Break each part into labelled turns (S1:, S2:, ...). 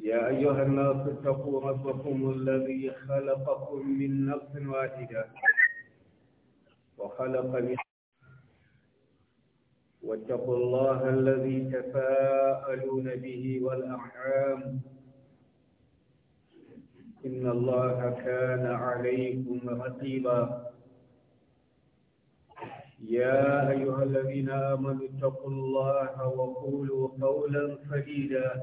S1: يا أيها الناس اتقوا ربكم الذي خلقكم من نفس واحدة وخلق منها واتقوا الله الذي تفاءلون به والأرحام إن الله كان عليكم رقيبا يا أيها الذين آمنوا اتقوا الله وقولوا قولا سديدا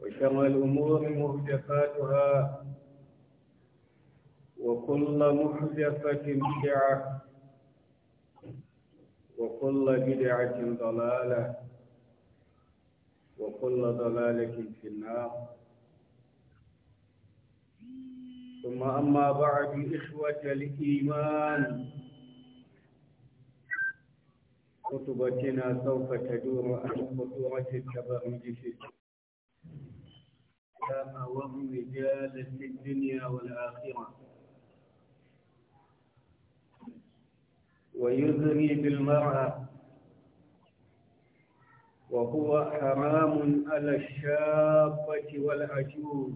S1: وشر الأمور مهدفاتها وكل مهدفة بدعة وكل بدعة ضلالة وكل ضلالة في النار ثم أما بعد إخوة الإيمان خطبتنا سوف تدور عن خطورة التبرج في الدين وهم رجال في الدنيا والآخرة ويزني بالمرأة وهو حرام على الشابة والعجوز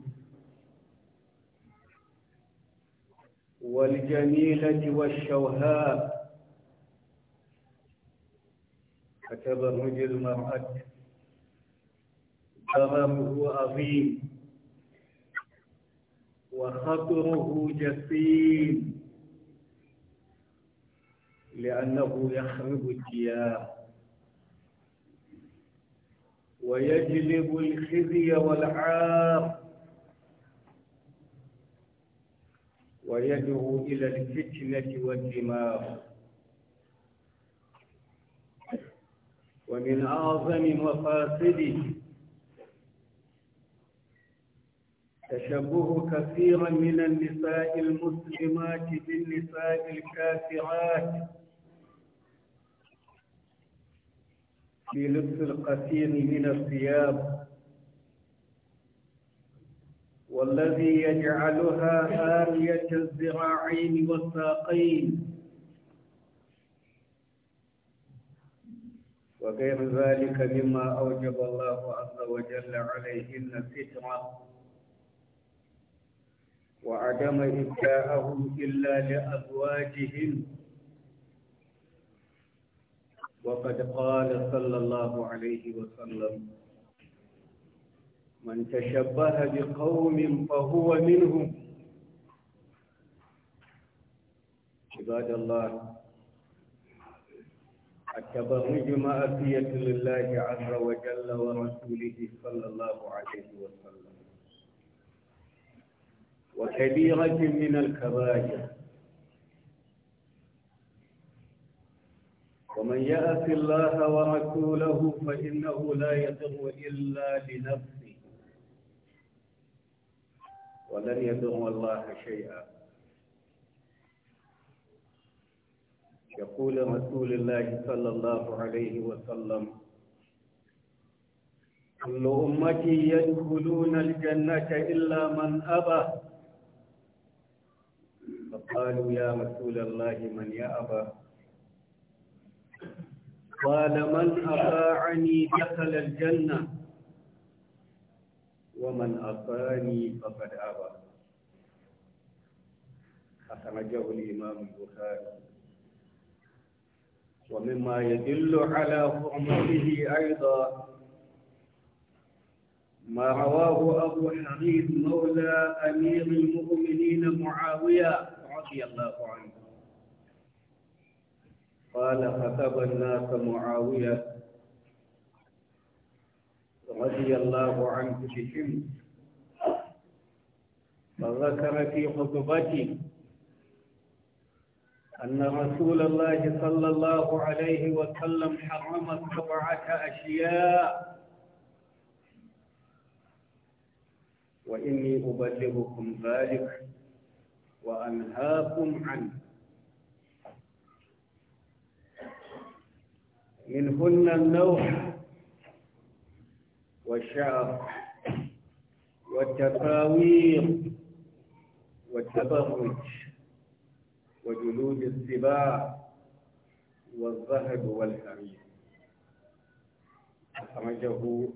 S1: والجميلة والشوهاء كتبرج المرأة ضرره عظيم وخطره جسيم لأنه يخرب الثياب ويجلب الخزي والعار ويدعو إلى الفتنة والدماغ ومن أعظم مفاسده تشبه كثيرا من النساء المسلمات بالنساء الكافرات في لبس القسيم من الثياب والذي يجعلها آلية الذراعين والساقين وغير ذلك مما أوجب الله عز وجل عليهن فترة وعدم إبداءهم إلا لأزواجهم وقد قال صلى الله عليه وسلم من تشبه بقوم فهو منهم عباد الله التبرج مأفية لله عز وجل ورسوله صلى الله عليه وسلم وكبيرة من الكبائر ومن يأس الله ورسوله فإنه لا يضر إلا لنفسه ولن يضر الله شيئا يقول رسول الله صلى الله عليه وسلم كل أمتي يدخلون الجنة إلا من أبى قالوا يا رسول الله من يا أبا قال من أطاعني دخل الجنة ومن أطاني فقد أبى أخرجه الإمام البخاري ومما يدل على حرمته أيضا ما رواه أبو حميد مولى أمير المؤمنين معاوية رضي الله عنه قال خطب الناس معاوية رضي الله عنه بهم فذكر في خطبته أن رسول الله صلى الله عليه وسلم حرم سبعة أشياء وإني أبلغكم ذلك وأنهاكم عنه منهن النوح والشعر والتفاويض والتبرج وجلود السباع والذهب والحرير أخرجه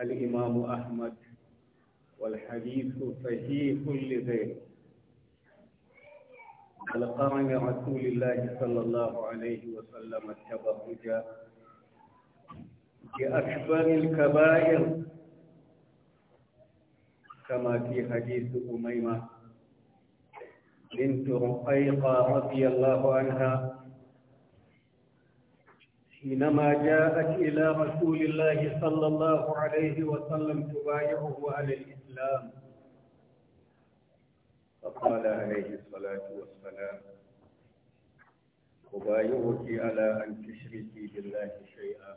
S1: الإمام أحمد والحديث صحيح لغيره القرن رسول الله صلى الله عليه وسلم التبرج بأكبر الكبائر كما في حديث أميمة بنت رقيقة رضي الله عنها حينما جاءت إلى رسول الله صلى الله عليه وسلم تبايعه على الإسلام قال عليه الصلاة والسلام أبايعك على أن تشركي بالله شيئا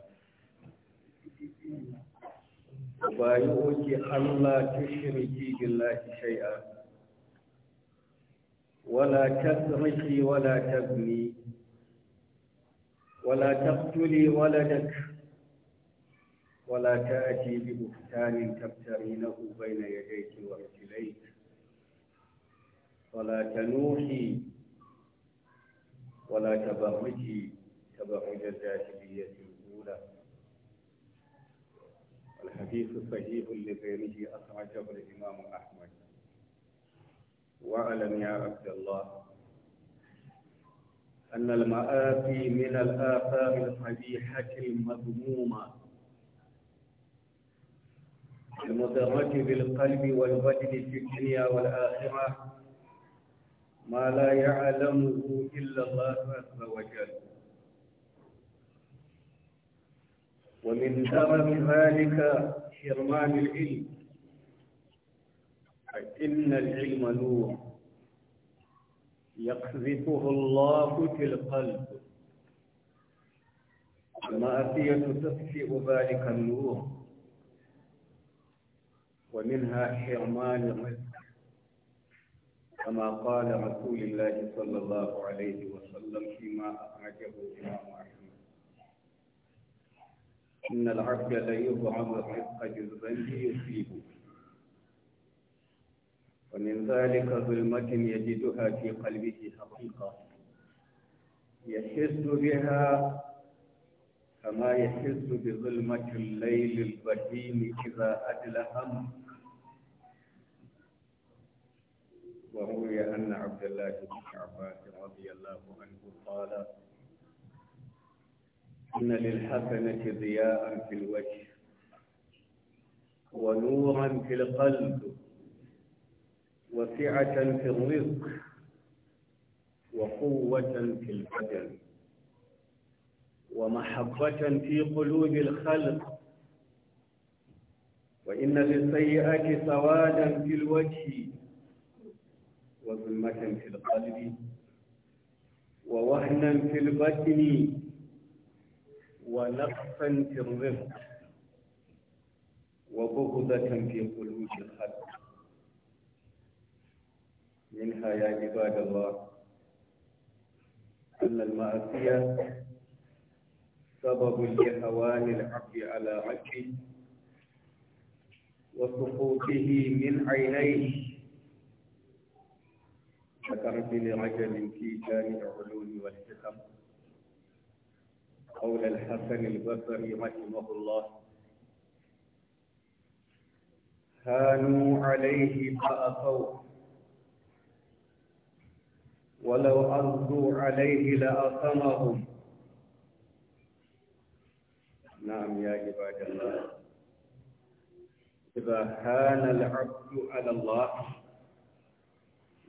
S1: أبايعك لا تشركي بالله شيئا ولا تسرقي ولا تبني ولا تقتلي ولدك ولا تأتي ببهتان تبترينه بين يديك ورجليك ولا تنوحي ولا تبرجي كبرج الجاهلية الأولى الحديث صحيح لغيره أخرجه الإمام أحمد واعلم يا عبد الله أن المآفي من الآثار القبيحة المذمومة المدرج بالقلب والبدن في الدنيا والآخرة ما لا يعلمه إلا الله عز وجل ومن سبب ذلك حرمان العلم إن العلم نور يقذفه الله في القلب المعصية تطفئ ذلك النور ومنها حرمان الرزق كما قال رسول الله صلى الله عليه وسلم فيما أخرجه الإمام أحمد إن العبد ليطعم الرزق جزءا ليصيبه ومن ذلك ظلمة يجدها في قلبه حقيقة يحس بها كما يحس بظلمة الليل البهيم إذا أدلى وروي أن عبد الله بن عباس رضي الله عنه قال إن للحسنة ضياء في الوجه ونورا في القلب وسعة في الرزق وقوة في البدن ومحبة في قلوب الخلق وإن للسيئة سوادا في الوجه وظلمة في القلب ووهنا في البطن ونقصا في الرزق وبغضة في قلوب الخلق منها يا عباد الله أن المعصية سبب لهوان العبد على عبده وسقوطه من عينيه ذكرت لرجل في شان العلوم والحكم قول الحسن البصري رحمه الله كانوا عليه فأخوه ولو أرضوا عليه لأقمهم نعم يا عباد الله إذا هان العبد على الله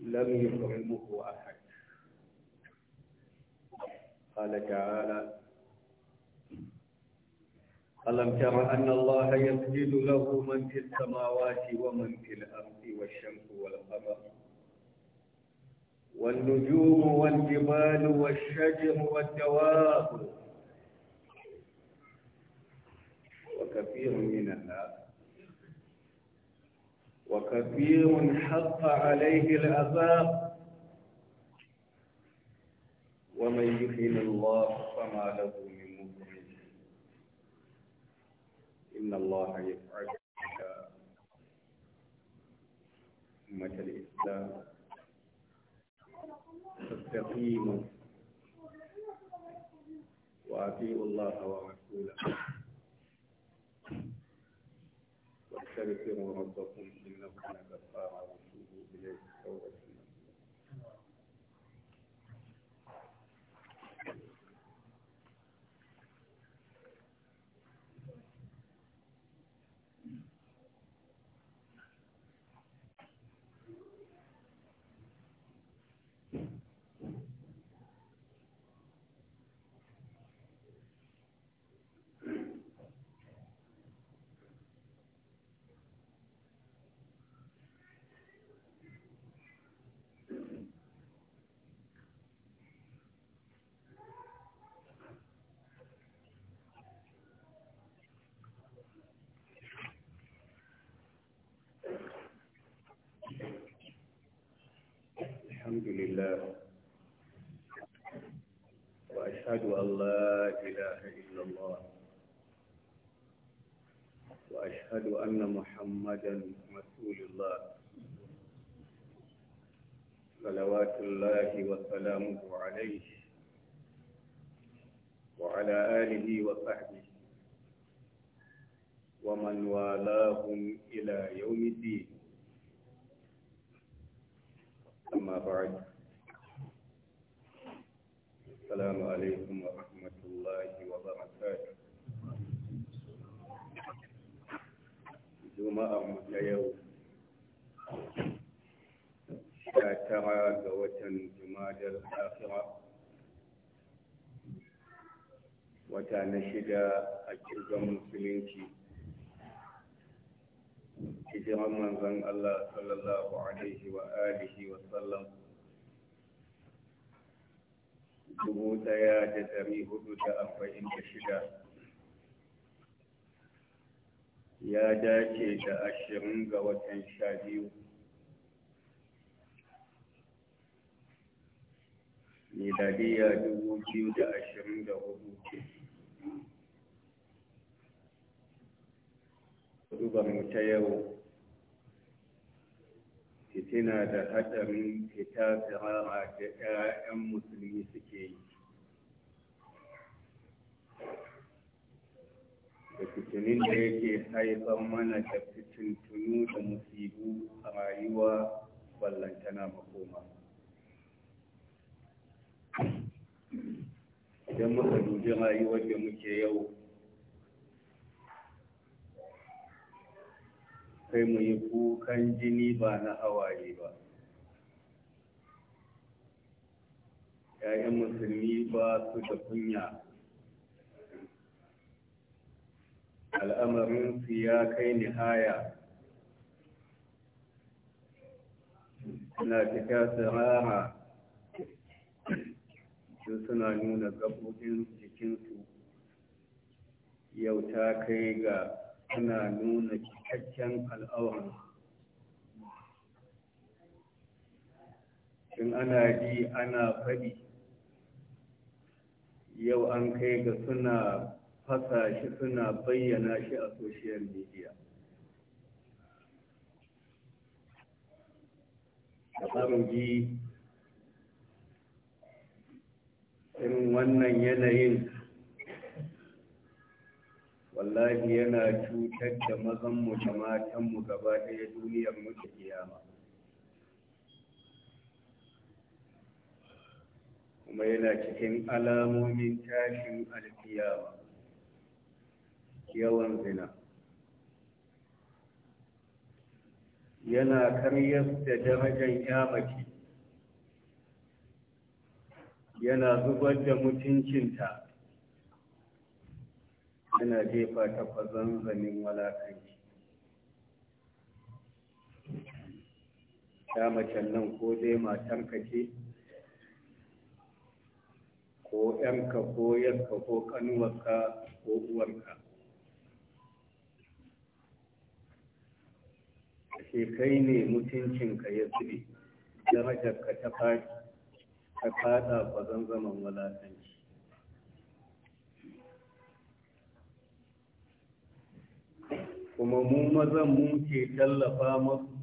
S1: لم يطعمه أحد قال تعالى
S2: ألم تر أن الله يسجد
S1: له من في السماوات ومن في الأرض والشمس والقمر والنجوم والجبال والشجر والدواب وكثير من الناس وكثير حق عليه العذاب ومن يهن الله فما له من مكرم إن الله يفعل أمة الإسلام فاستقيموا وأطيعوا الله ورسوله واستغفروا ربكم أشهد أن محمدا رسول الله صلوات الله وسلامه عليه وعلى آله وصحبه ومن والاهم إلى يوم الدين أما بعد السلام عليكم ورحمة الله juma'a mu ta yau sha tara ga watan jumadar akhira wata na shida a kirgan musulunci hijiran manzan Allah sallallahu alaihi wa alihi wa sallam dubu ɗaya da dari hudu da arba'in da shida ya dace da ashirin ga watan sha biyu miladiya dubu biyu da ashirin da hudu duba mu ta yau fitina da haɗarin fita rara da 'ya'yan musulmi suke yi da fitinin da yake haifan mana da fitintunu da musibu a rayuwa ballantana makoma idan muka dubi rayuwar da muke yau sai mu yi kukan jini ba na hawaye ba ‘ya'yan musulmi ba su da kunya al'amarin su ya kai nihaya suna fita tsirara su suna nuna gaɓoɓin jikinsu yau ta kai ga suna nuna cikakken al'auran in ana ji ana faɗi yau an kai ga suna haka shi suna bayyana shi a social media da ji irin wannan yanayin wallahi yana cutar da mazanmu da matanmu gaba ɗaya duniyar mutu kiyama kuma yana cikin alamomin tashin alkiyama yawan zina yana karyar da darajar yamaki yana zubar da mutuncinta yana jefa ta fazon zanin walakanci ta macen nan ko dai matarka ce ko ‘yanka ko yanka ko kanuwarka ko uwarka ce kai ne mutuncinka ya zube ta ka fada kwazon zaman walatanci kuma mu mazan mun ke tallafa masu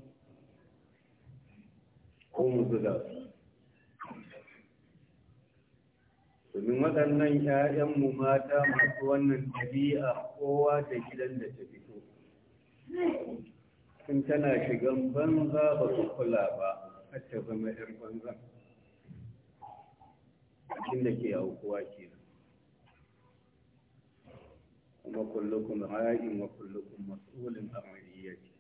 S1: ko mu zuga su domin waɗannan 'ya'yanmu mata masu wannan ɗabi'a kowa da gidan da ta fito in tana shigan banza ba su kula ba har ta zama yar banza abin da ke aukuwa ke kuma kullukun ra'ayi wa kullukun matsulin an ra'iyati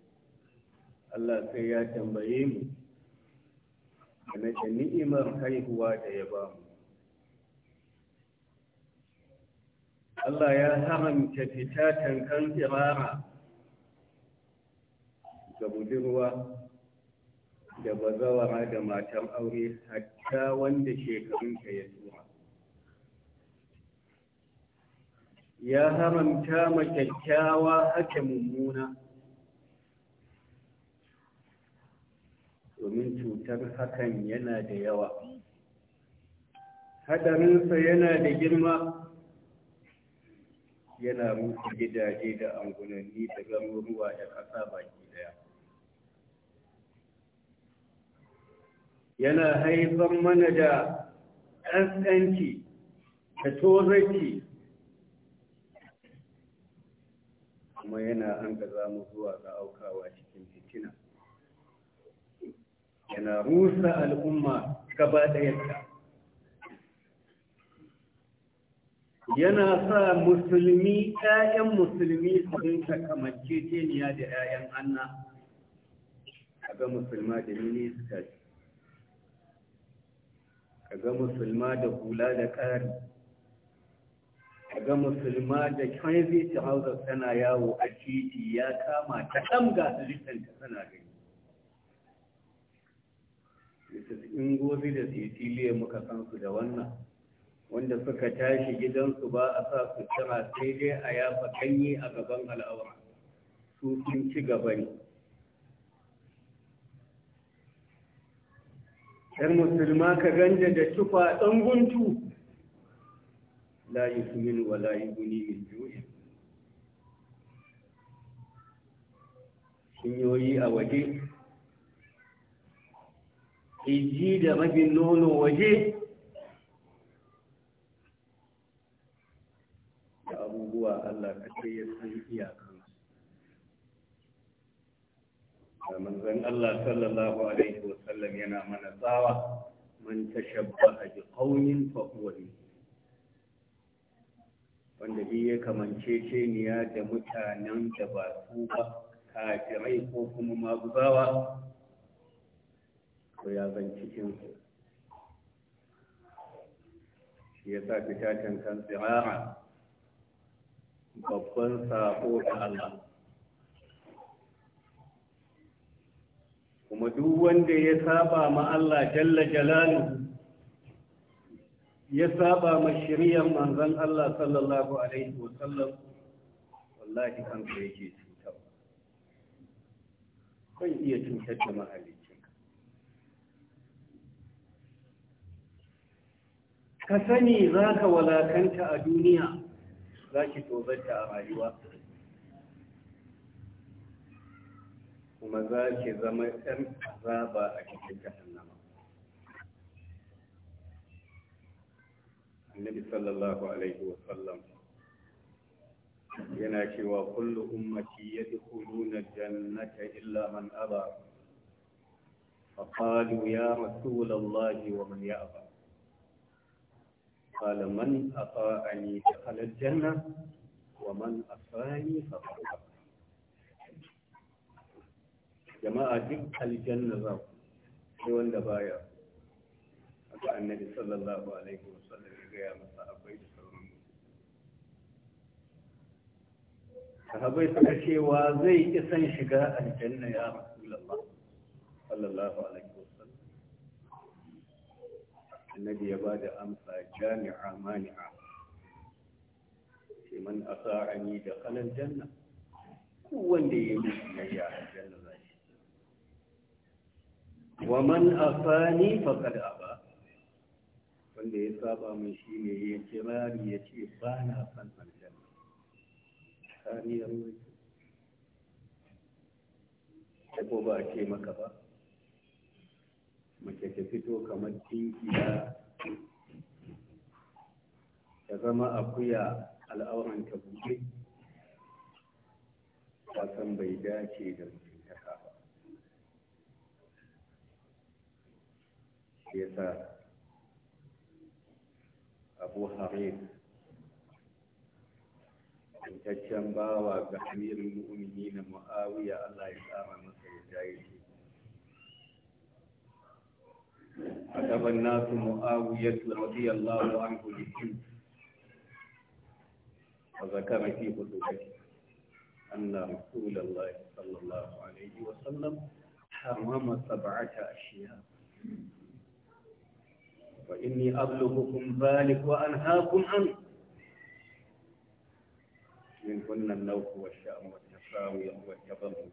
S1: Allah sai ya tambaye mu na da ni'imar haihuwa da ya ba mu Allah ya haramta fita tankan tsirara ga budurwa da bazawara da matan aure hatta wanda shekarunka ya tura ya haramta ma kyakkyawa haka mummuna domin cutar hakan yana da yawa hadarinsa yana da girma yana rufe gidaje da angunanni da garuruwa da ƙasa baki yana haifar mana da ƙasƙanci da tozarci kuma yana an gaza mu zuwa ga aukawa cikin fitina yana rusa al'umma gaba ɗayanta yana sa musulmi ƴaƴan musulmi su dinka ceceniya da ƴaƴan anna a ga musulma da ce. ka musulma da hula da ƙari ka musulma da kwanzi ta hausa tana yawo a titi ya kama ta ɗamga littanta tana gani in gozi da siciliya muka san su da wannan wanda suka tashi gidansu ba a sa su tara sai dai a yafa kanyi a gaban al'aura su sun ci gaba ne yar musulma ka ganda da tufa ɗan guntu layi yi sumin wa layi guni min juyin shinyoyi a waje iji da mafin nono waje da abubuwa Allah ka ce ya san iyaka manzon Allah sallallahu alaihi wa sallam yana mana tsawa man tashabbaha bi qaumin fa huwa wanda bi ya kamance ceniya da mutanen da ba su ba kafirai ko kuma maguzawa ko ya zan cikin su ya sa fitacen kan tsirara babban sako da Allah kuma duk wanda ya saba ma Allah jalla jalalu ya saba ma shiriyar manzon Allah sallallahu alaihi wa sallam wallahi kansa yake cuta kan iya cutar da mahalicin ka sani za ka walakanta a duniya za ki tozarta a rayuwa kuma za ki zama ‘yan azaba a cikin jahannama. Annabi sallallahu Alaihi wasallam yana cewa kullu ummati ya dukuluna jannata illa man aba فقالوا يا رسول الله ومن يأبى قال من أطاعني دخل الجنة ومن أطاعني فقد jama'a duk aljanna za ku sai wanda baya haka annabi sallallahu alaihi wa sallam, ya gaya masa abai da sauran sahabai suka cewa zai ki san shiga aljanna ya rasulullah sallallahu alaihi wa sallam. annabi ya ba da amsa jami'a mani'a man asa'ani da kalan janna ko wanda ya yi biyayya aljanna wa man afani faqad aba wanda ya saba mun shine ya kirari ya ce ba na san aljanna kariyar Ta ko ba a ce maka ba mace ta fito kamar tinkiya ta zama akuya al'auran ta buɗe san bai dace da mutum yasa أبو حريف taccen bawa ga amirin mu'mini na mu'awiya Allah ya tsara الناس معاوية رضي الله عنه للجند وذكر في خطبته أن رسول الله صلى الله عليه وسلم حرم سبعة أشياء فإني أبلغكم ذلك وأنهاكم عنه من كنا النوف والشأم والتساوي والتضمن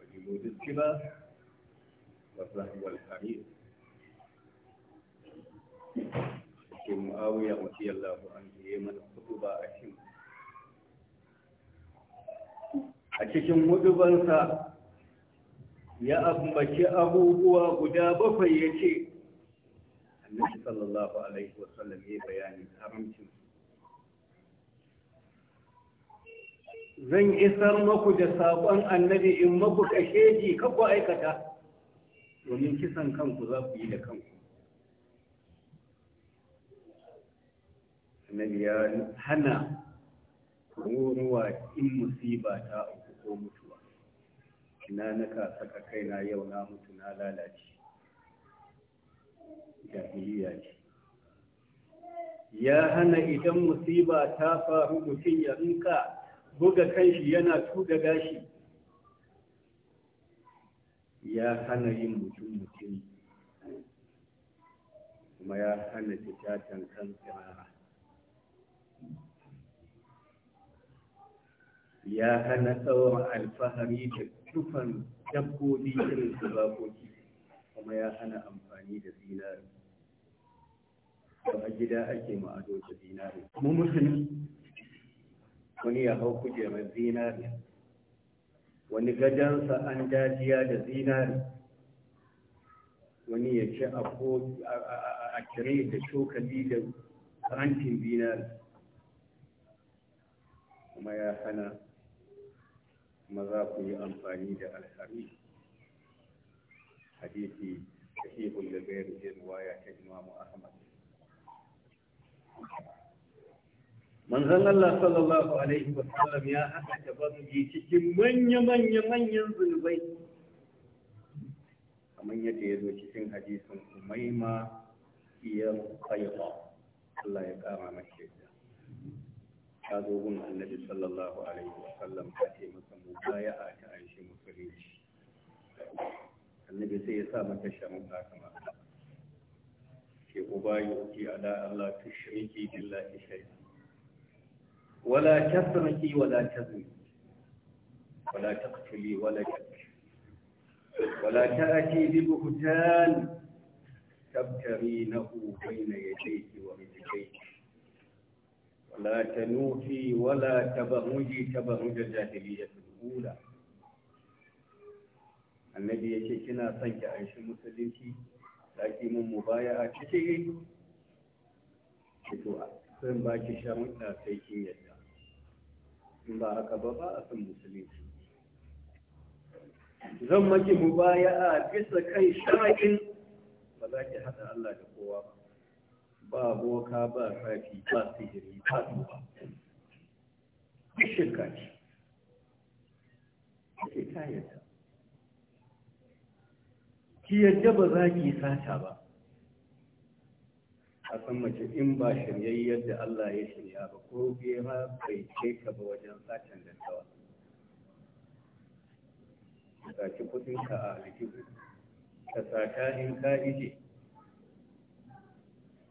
S1: وجلود السبا والذهب والحرير ke mu'awiya radiyallahu anhu ya mana hutuba a cikin a cikin hutubansa ya ambaci abubuwa guda bakwai yace annabi sallallahu alaihi wasallam ya bayani haramcin zan isar muku da saƙon annabi in maku kashe ji aikata domin kisan kanku za ku yi da kanku annabi ya hana ruruwa in musiba ta uku ko mutuwa ina naka saka kaina yau na mutu na lalace jahiliya ce ya hana idan musiba ta faru mutum ya rinka buga kanshi yana tuda gashi ya hana yin mutum mutum kuma ya hana fitatan kan tsirara ya hana tsawon alfahari da tufan dabbobi irin su bakoki kuma ya hana amfani amfani da zinari a gida ake ma'ado da zinari kuma musulmi wani ya hau kujerar zinari wani gajansa an dajiya da zinari wani ya ci a kire da cokali da karantin zinari kuma ya hana maza ku yi amfani da alhari hadisi صحيح لغيره رواية إمام أحمد
S2: ya ذن الله صلى
S1: الله عليه وسلم يا أحد A تجي من يمن يمن ينزل بيت ya zo cikin hadisin umaima iyar kaiwa Allah ya kama mace ta zo gun annabi sallallahu alaihi wasallam ta ce masa mu ya a ta musulunci annabi sai ya sa mata sharuɗa kamar haka ke uba a ala Allah shirki billahi shay'a wala tasriki wala tazni wala taqtuli wala yakfi wala ta'ti bi buhtan tabtarinahu bayna yadayki wa rijlayki ولا تنوفي ولا تبهجي تبهج الجاهلية الأولى annabi ya ce kina son ki aishi musulunci laki mun mubaya a ce ki to sun ba ki sharuɗa sai kin yadda in ba haka ba ba a son musulunci zan maki a bisa kan sha'in ba za ki hada Allah da kowa ba ba boka ba safi ba sihiri ba duba duk shirka ce ake ta ki yadda ba za ki sata ba a san mace in ba shiryayyar da Allah ya shirya ba ko bera bai ce ka ba wajen satan dantawa ka saci ka a aljihu ka sata in ka ije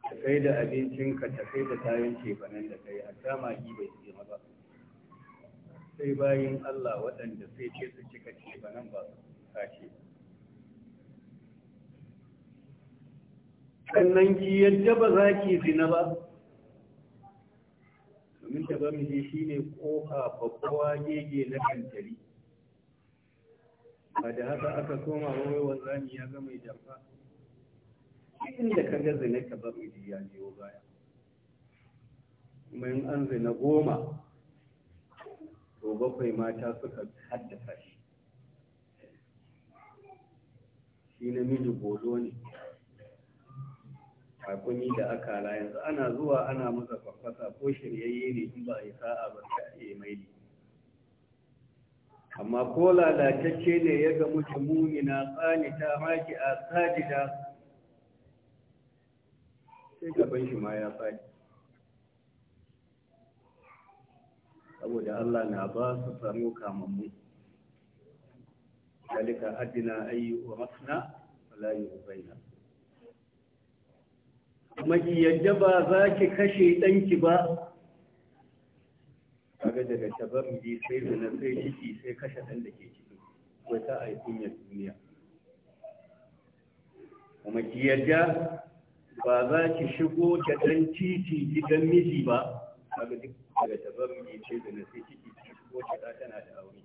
S1: ka kai da abincinka ta kai da kayan nan da kai hatta magi bai tsira ba sai bayan Allah waɗanda sai ce su cika cefanen ba su sace ba sannan ki yadda ba za ki zina ba domin ta ba mije shi ne ƙofa babbawa gege na kantari ba da haka aka koma wai wanzami ya ga mai jamfa inda ka ga zina ka ba mije ya jiwo baya kuma an zina goma to bakwai mata suka haddasa shi shi namiji bozo ne hakumi da aka yanzu ana zuwa ana masa farfasa ko shiryayye ne in ba a yi sa'a ba ta iya maili amma ko lalatacce ne ya ga mutum mumina ta maki a sajida sai gaban shi ma ya faɗi saboda Allah na ba su tsaro kamammu dalika adina ayyu wa masna wala yubaina kuma yadda ba za ki kashe ɗanki ba kaga daga tabarruji sai zina sai ciki sai kashe ɗan da ke ciki ta a yi kunyar duniya kuma ki yadda ba za ki shigo da ɗan titi gidan miji ba kaga duk daga tabarruji sai zina sai ciki sai shigo da tana da aure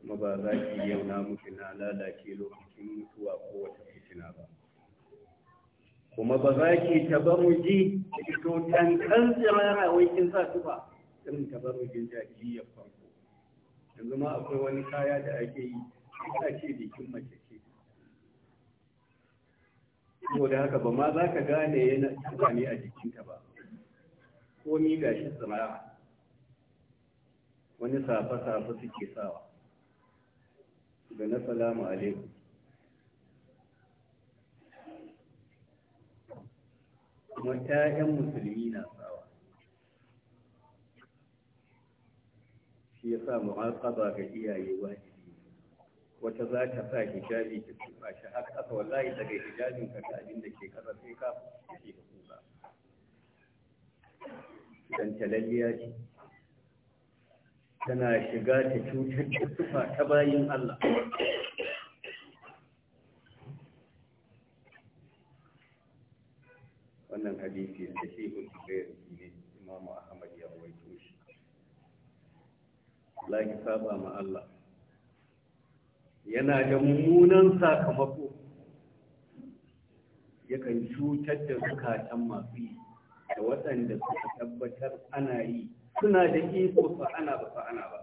S1: kuma ba za ki yau na mutu na lalace lokacin mutuwa ko wata fitina ba kuma ba za ki tabaruji to tankan tsirara wai kin sa tufa irin tabarujin jahiliyyar farko yanzu ma akwai wani kaya da ake yi ita ce bikin mace ce saboda haka ba ma za ka gane yana tufa ne a jikinta ba ko ni ga shi tsirara wani safe-safe suke sawa da na salamu alaikum kuma ƴaƴan musulmi na sawa shi ya sa mu'aqaba ga iyaye wajibi wata za ta sa hijabi ta tsufa shi har ƙasa wallahi daga hijabin ka ta abin da ke ƙasa sai ka fashe da kuka dan talalliya ce tana shiga ta cutar da tsufa ta bayin Allah wannan hadisi da shi ulkubayar ne imamu ahmad ya waito shi laki saba ma Allah yana da mummunan sakamako yakan cutar da zukatan masu yi da waɗanda suka tabbatar ana yi suna da iko su ana ba su ana ba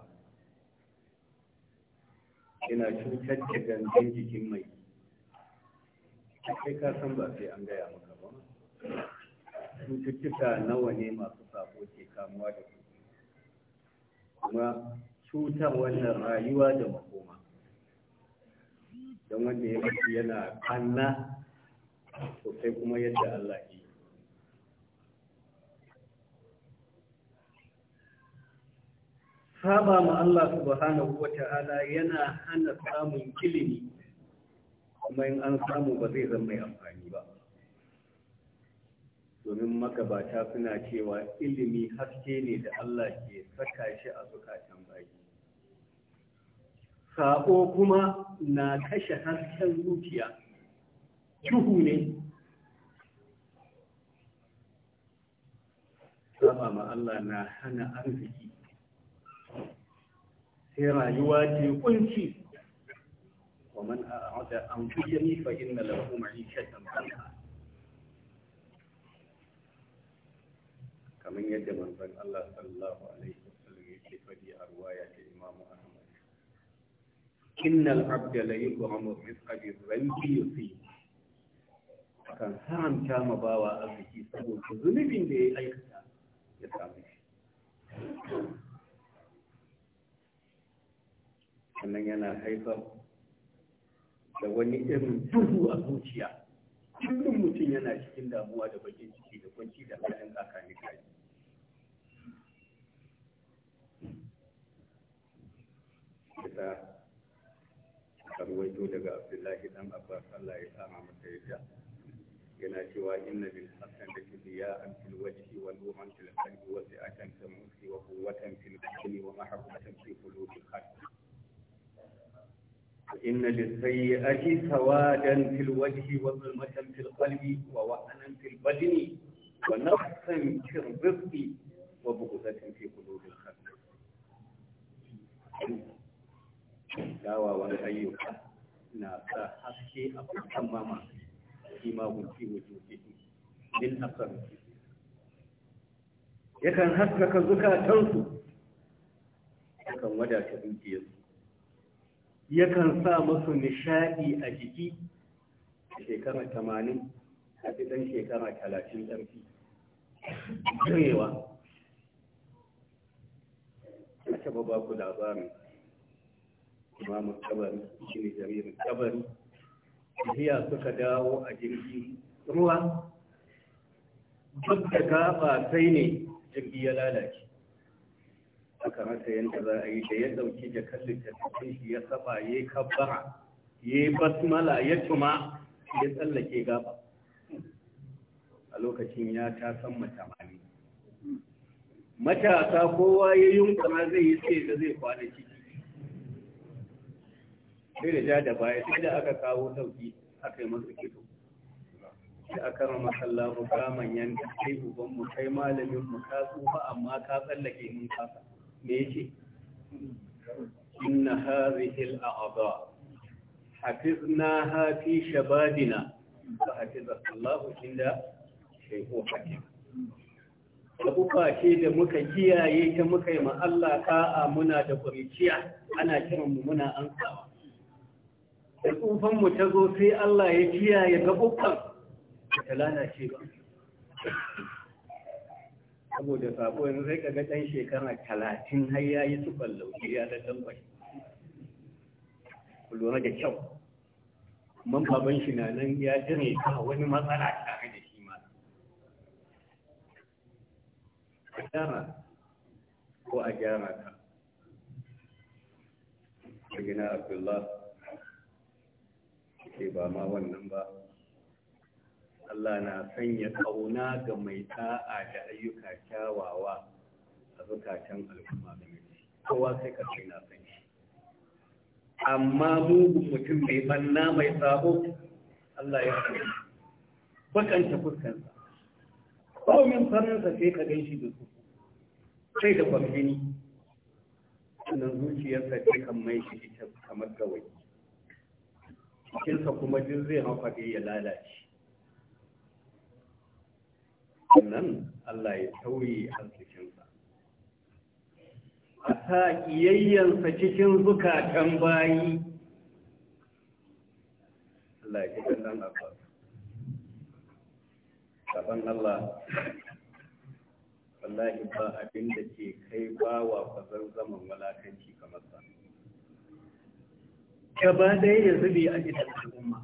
S1: yana cutar da gangan jikin mai kai ka san ba sai an gaya maka ba cututtuka nawa ne masu sako ke kamuwa da su kuma cutar wannan rayuwa da makoma don wanda ya fi yana kanna sosai kuma yadda Allah yi saba ma Allah subhanahu wa ta'ala yana hana samun ilimi kuma in an samu ba zai zama mai amfani ba domin magabata suna cewa ilimi haske ne da Allah ke saka shi a zukatan baki, sako kuma na kashe hasken zuciya duhu ne saba ma Allah na hana arziki sai rayuwa ke kunci an أعد عن ذكري فإن له معيشة ضنكا kamar yadda manzon Allah sallallahu alaihi wasallam yake fadi a ruwaya ta Imam Ahmad innal abda la yukramu rizqa bi dhanbi yusi kan haramta ma bawa arziki saboda zunubin da ya aikata ya samu shi sannan yana haifar da wani irin duhu a zuciya kullum mutum yana cikin damuwa da bakin ciki da kwanci da halin tsakanin kai kita karwaito daga abdullahi dan abbas allah ya sama masa yadda yana cewa inna bil hasan da kibiya an fil wajhi wa nuran fil qalbi wa sa'atan fil musi wa quwwatan fil badani wa mahabbatan fi qulubi khalq إن للسيئة سوادا في الوجه وظلمة في القلب ووهنا في البدن ونقصا في الرزق وبغضة في قلوب الخلق kyawawan ayyuka na sa haske a farkon mama shi ma hulki wujuhi min asar yakan haskaka zukatansu yakan wadata dukiyarsu yakan sa musu nishadi a jiki a shekara tamanin a ɗan shekara talatin ɗarfi jirewa a taba ba ku labarin imamu kabari shi jaririn kabari tafiya suka dawo a jirgin ruwa duk da gaba sai ne jirgi ya lalace aka rasa yadda za a yi da ya ɗauki jakar littattafin shi ya saba ya kabbara ya basmala ya tuma ya tsallake gaba a lokacin ya ta san matamani matasa kowa ya yunkura zai yi sai da zai kwana ciki sai da ja da baya sai da aka kawo dauki a yi masa kido da aka rama sallahu kaman yanka kai uban mu kai malamin mu ka tsufa amma ka tsallake mun kasa me yake inna hadhihi al-a'dha hafiznaha fi shababina fa hafizahu Allah inda shaykhun hakim kuka ce da muka kiyaye ta muka yi ma Allah ka'a muna da kuriciya ana kiran mu muna ansawa da tsufan mu ta zo sai Allah ya kiyaye gaɓuɓɓan ta lalace ba saboda sabo yanzu sai kaga ɗan shekara talatin har ya yi su ballauki ya da tambar ku da kyau man baban shi na nan ya jire ka wani matsala tare da shi ma gyara ko a gyara ka Sagina Abdullah ce ba ma wannan ba Allah na sanya kauna ga mai ta'a da ayyuka kyawawa a zukatan al'umma da mai kowa sai ka ce na san shi amma mugun mutum mai banna mai sabo Allah ya sani bakanta fuskansa komin faransa sai ka gan shi da su sai da kwamfini sannan zuciyarsa ce kan mai shi ita kamar gawai jikinsa kuma jin zai hau faɗi ya lalace sannan Allah ya tauye arzikinsa a sa ƙiyayyansa cikin zukatan bayi Allah ya ji ɗan abbas Allah wallahi ba abin da ke kai bawa fazan zaman walakanci kamar sa gaba ɗaya ya zube a gidan al'umma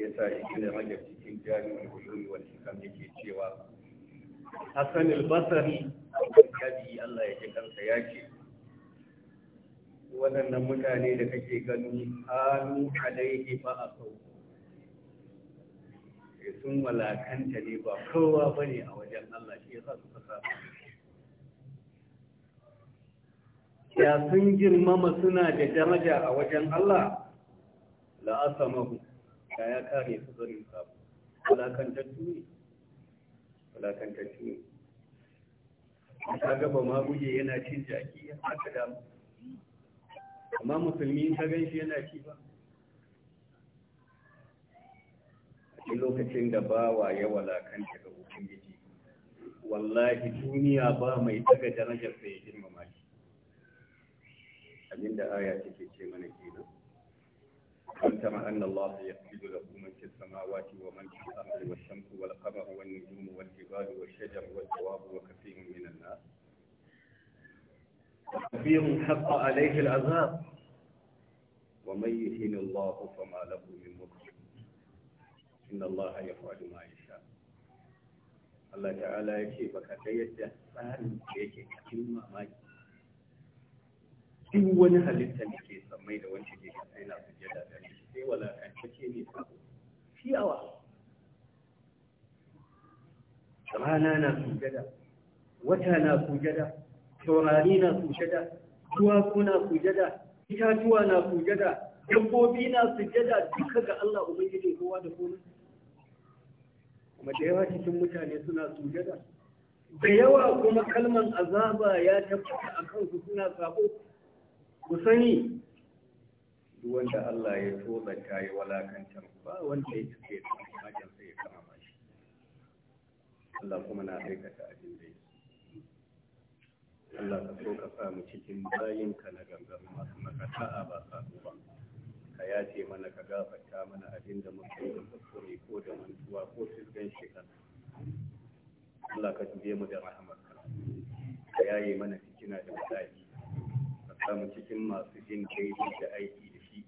S1: ya sa ikin da hanyar cikin jami'in ulumi wani kam yake cewa hassan albasari ya ji allah ya ji kansa ya ce waɗannan mutane da kake gani hannu alaihi ba a sau eh, sun walakanta ne ba kowa ba ne a wajen allah shi ya sa suka sa ya sun girmama suna da daraja a wajen Allah la'asamahu da ya kare su zarin sabu walakantattu ne walakantattu ne
S2: ta gaba ma guje
S1: yana cin jaki haka da amma musulmi ta gan shi yana ci ba a cikin lokacin da ba wa ya walakanta ga ubangiji wallahi duniya ba mai daga darajar sai ya girmama abinda aya take ce mana kenan an tama an Allah ya fito da kuma ce sama wati wa man fi ardi wa shamsu wal qamar wa nujum wal jibal wa shajar wa dawab wa kafin min an nas kafirun haqa alayhi al azab wa man yuhin Allah fa ma lahu inna Allah yaf'alu ma yasha Allah ta'ala yake baka ta yadda tsarin yake cikin mamaki duk wani halitta ne ke samai da wancan ke sai na jada da shi sai walakantacce ne shi awa rana na jada wata na jada taurari na sujjada duwatsu na sujjada itatuwa na jada dabbobi na jada duka ga Allah ubangiji kowa da kowa kuma da yawa cikin mutane suna jada da yawa kuma kalman azaba ya tabbata akan su suna sabo ku sani wanda Allah ya tozanta ya walakantar ba wanda ya ci ya ta majan sai ya kama shi Allah kuma na aikata abin da yake Allah ka so ka samu cikin bayin ka na gangan masu a ba sa ba ka yace mana ka gafarta mana abinda da muka yi da kuskure ko da mantuwa ko sirgan shekar Allah ka tuje mu da rahmar ka yaye mana fitina da mutane mu cikin masu jin daidai da aiki da shi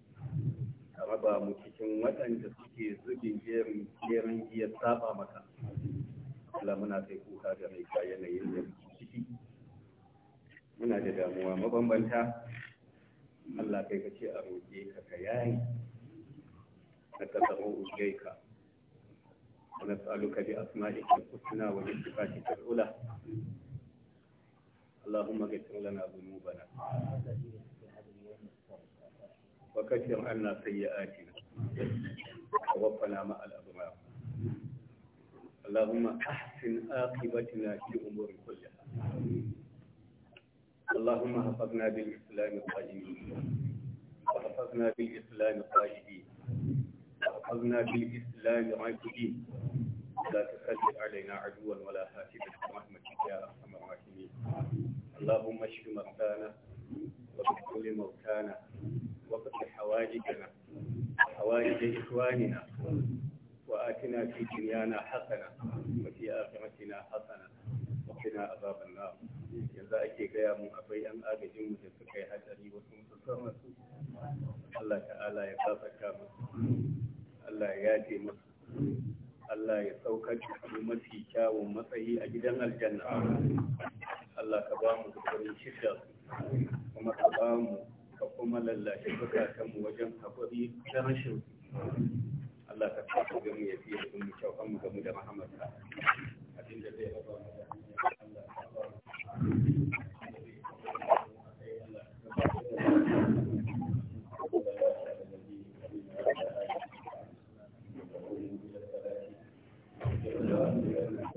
S1: ka raba mu cikin waɗanda suke zubin jerin iya saba maka Allah muna kai kuka da mai ka yanayin da ciki muna da damuwa mabambanta Allah kai ka ce a roƙe ka ka yayi na tasarru ka ونسألك بأسمائك الحسنى وبصفاتك العلى اللهم اغفر لنا ذنوبنا وكفر عنا سيئاتنا ووفنا مع الأبرار اللهم أحسن عاقبتنا في الأمور كلها اللهم حفظنا بالإسلام قائمين وحفظنا بالإسلام قائمين وحفظنا بالإسلام عاجلين لا تسلط علينا عدوا ولا هاتفا برحمتك يا أرحم الراحمين اللهم اشف مرضانا وكل موتانا وقت حوائجنا وحوائج في دنيانا وفي وقنا عذاب النار yanzu ake gaya mu akwai yan agajin mu da suka yi hadari wasu musamman su Allah ta'ala ya musu Allah ya yafe musu Allah ya saukar da mu mafi kyawun matsayi a gidan aljanna Allah ka ba mu gudunin shidda kuma ka ba mu ka kuma lallashe bukatanmu wajen haƙuri da rashin Allah ka sa ga mu ya fiye da mu kyau mu ga mu da mahammarka abinda zai raba mu da Allah ka ba mu